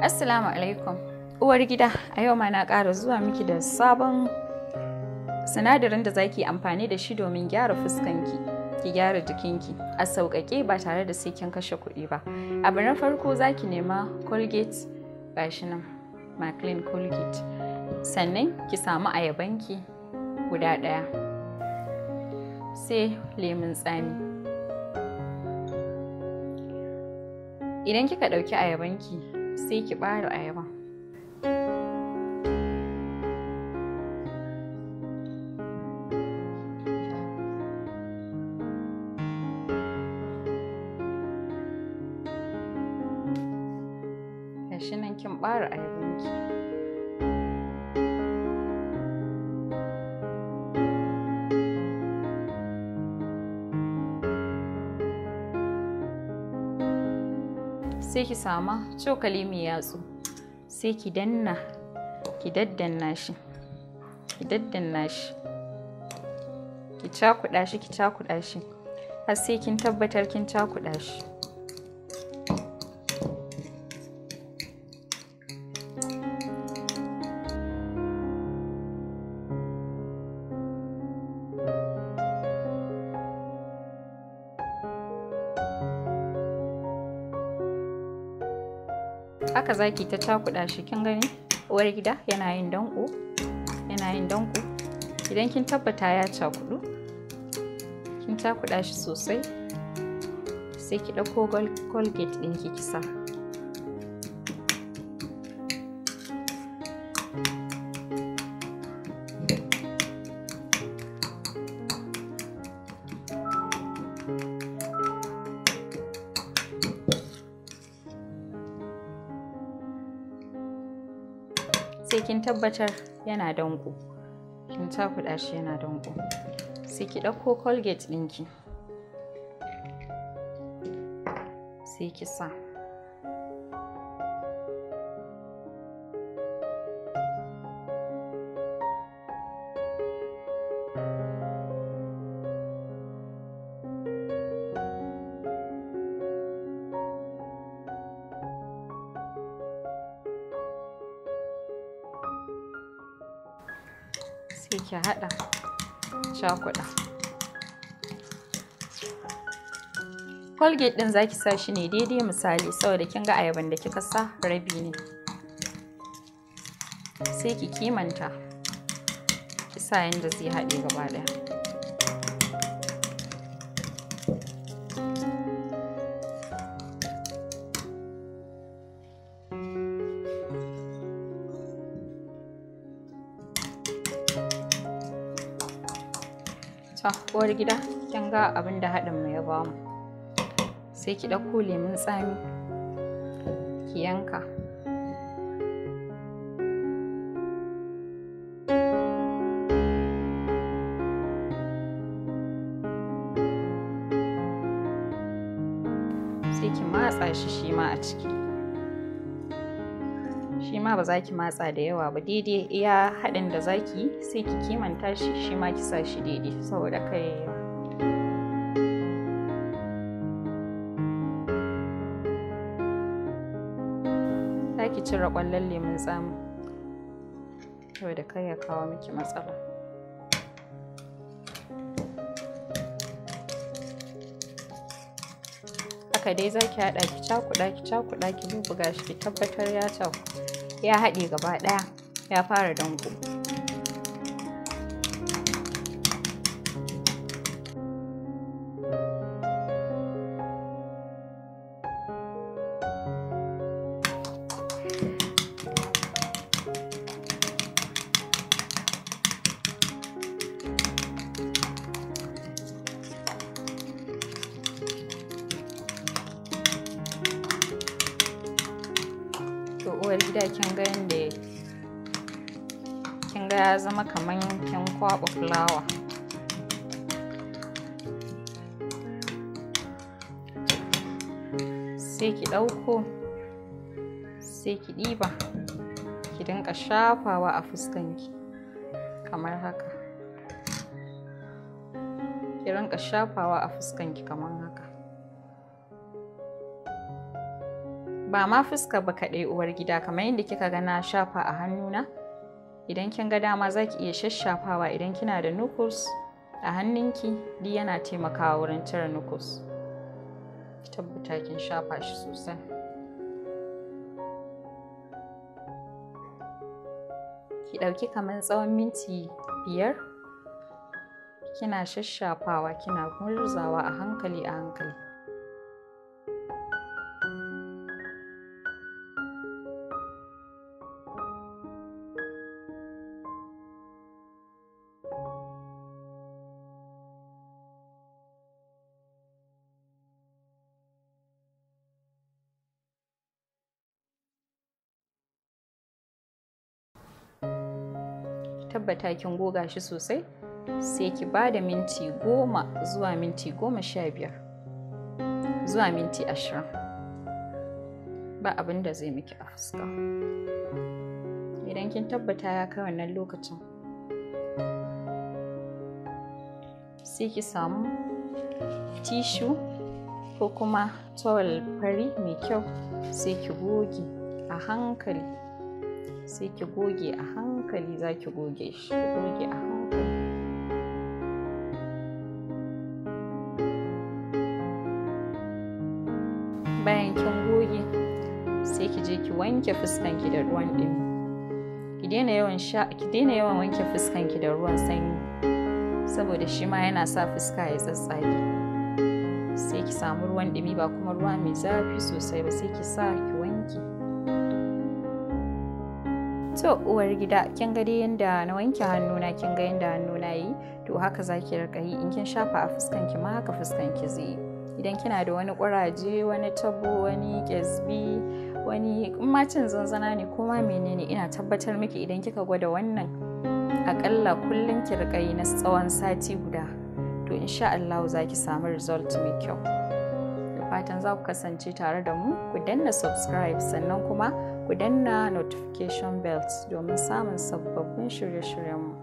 Assalamu alaikum. Uwar gida, a yau ma na ƙara zuwa miki da sabon sinadarin da zaki amfani da shi domin gyara fuskanki, ki gyara jikinki, a sauƙaƙe ba tare da sai kin kashe kuɗi ba. Abu na farko zaki nema Colgate gashi nan, Maclean Colgate. Sannan ki samu ayabanki guda ɗaya. Sai lemun tsami. Idan kika ɗauki ayabanki sai ki bare ayaba gashi nan kin bare ayabanki sai ki sama cokali mai yatsu sai ki danna ki daddanna shi ki daddanna shi ki cakuɗa shi ki cakuɗa shi har sai kin tabbatar kin cakuɗa shi haka zaki ta cakuɗa shi kin gani uwar gida yana yin danko yana yin danko idan kin tabbata ya cakuɗu kin cakuɗa shi sosai sai ki ɗauko colgate ki kisa kin tabbatar yana danko kin takuɗa shi yana danko sai ki ɗauko colgate ɗinki sai ki sa ce ki haɗa cakuɗa colgate ɗin zaki sa shi ne daidai misali saboda kin ga ayaban da kika sa rabi ne sai ki kimanta ki sa yanda zai haɗe gaba ɗaya ta uwar gida kin ga abin da haɗin mu ya ba mu sai ki ɗauko lemun tsami ki yanka sai ki matsa shi shi ma a ciki shi ma ba za ki matsa da yawa ba daidai iya haɗin da za ki yi sai ki kimanta shi shi ma ki sa shi daidai saboda kai za ki cire ƙwallon lemun Yau saboda kai ya kawo miki matsala haka dai za ki haɗa ki cakuɗa ki cakuɗa ki bubbuga shi ki tabbatar ya cakuɗa Dạ, ya đang gaba ɗaya ya fara danko shi da kin ga yadda kin ga ya zama kamar kin kwaba fulawa sai ki ɗauko sai ki ɗiba ki dinka shafawa a fuskanki kamar haka ki rinka shafawa a fuskanki kamar haka ba ma fuska ba kaɗai uwar gida kamar yadda kika ga na shafa a hannuna idan kin ga dama za ki iya shashafawa idan kina da nukus a hannunki di yana taimakawa wurin cire nukus tabbata kin shafa shi sosai ki ɗauki kamar tsawon minti biyar kina shashafawa kina murzawa a hankali a hankali tabbata kin goga shi sosai sai ki ba da minti goma zuwa minti goma sha biyar zuwa minti ashirin ba abin da zai miki a fuska idan kin tabbata ya kai wannan lokacin sai ki samu tishu ko kuma towel fari mai kyau sai ki goge a hankali sai ki goge a hankali za ki goge shi ki goge a hankali bayan kin goge sai ki je ki wanke fuskanki da ruwan ɗumi ki daina yawan sha ki daina yawan wanke fuskanki da ruwan sanyi saboda shi ma yana sa fuska ya tsatsage sai ki samu ruwan ɗumi ba kuma ruwa mai zafi sosai ba sai ki sa ki wanke to uwar gida kin ga dai yanda na wanke hannuna kin ga yanda hannuna yi to haka zaki rika yi in kin shafa a fuskan ki ma haka fuskan ki zai idan kina da wani kuraje wani tabo wani kesbi wani in ma cin zanzana ne ko ma menene ina tabbatar miki idan kika gwada wannan akalla kullun ki rika yi na tsawon sati guda to insha Allah za ki samu result mai kyau fatan za ku kasance tare da mu ku danna subscribe sannan kuma ku danna notification bells domin samun sababbin shirye-shiryenmu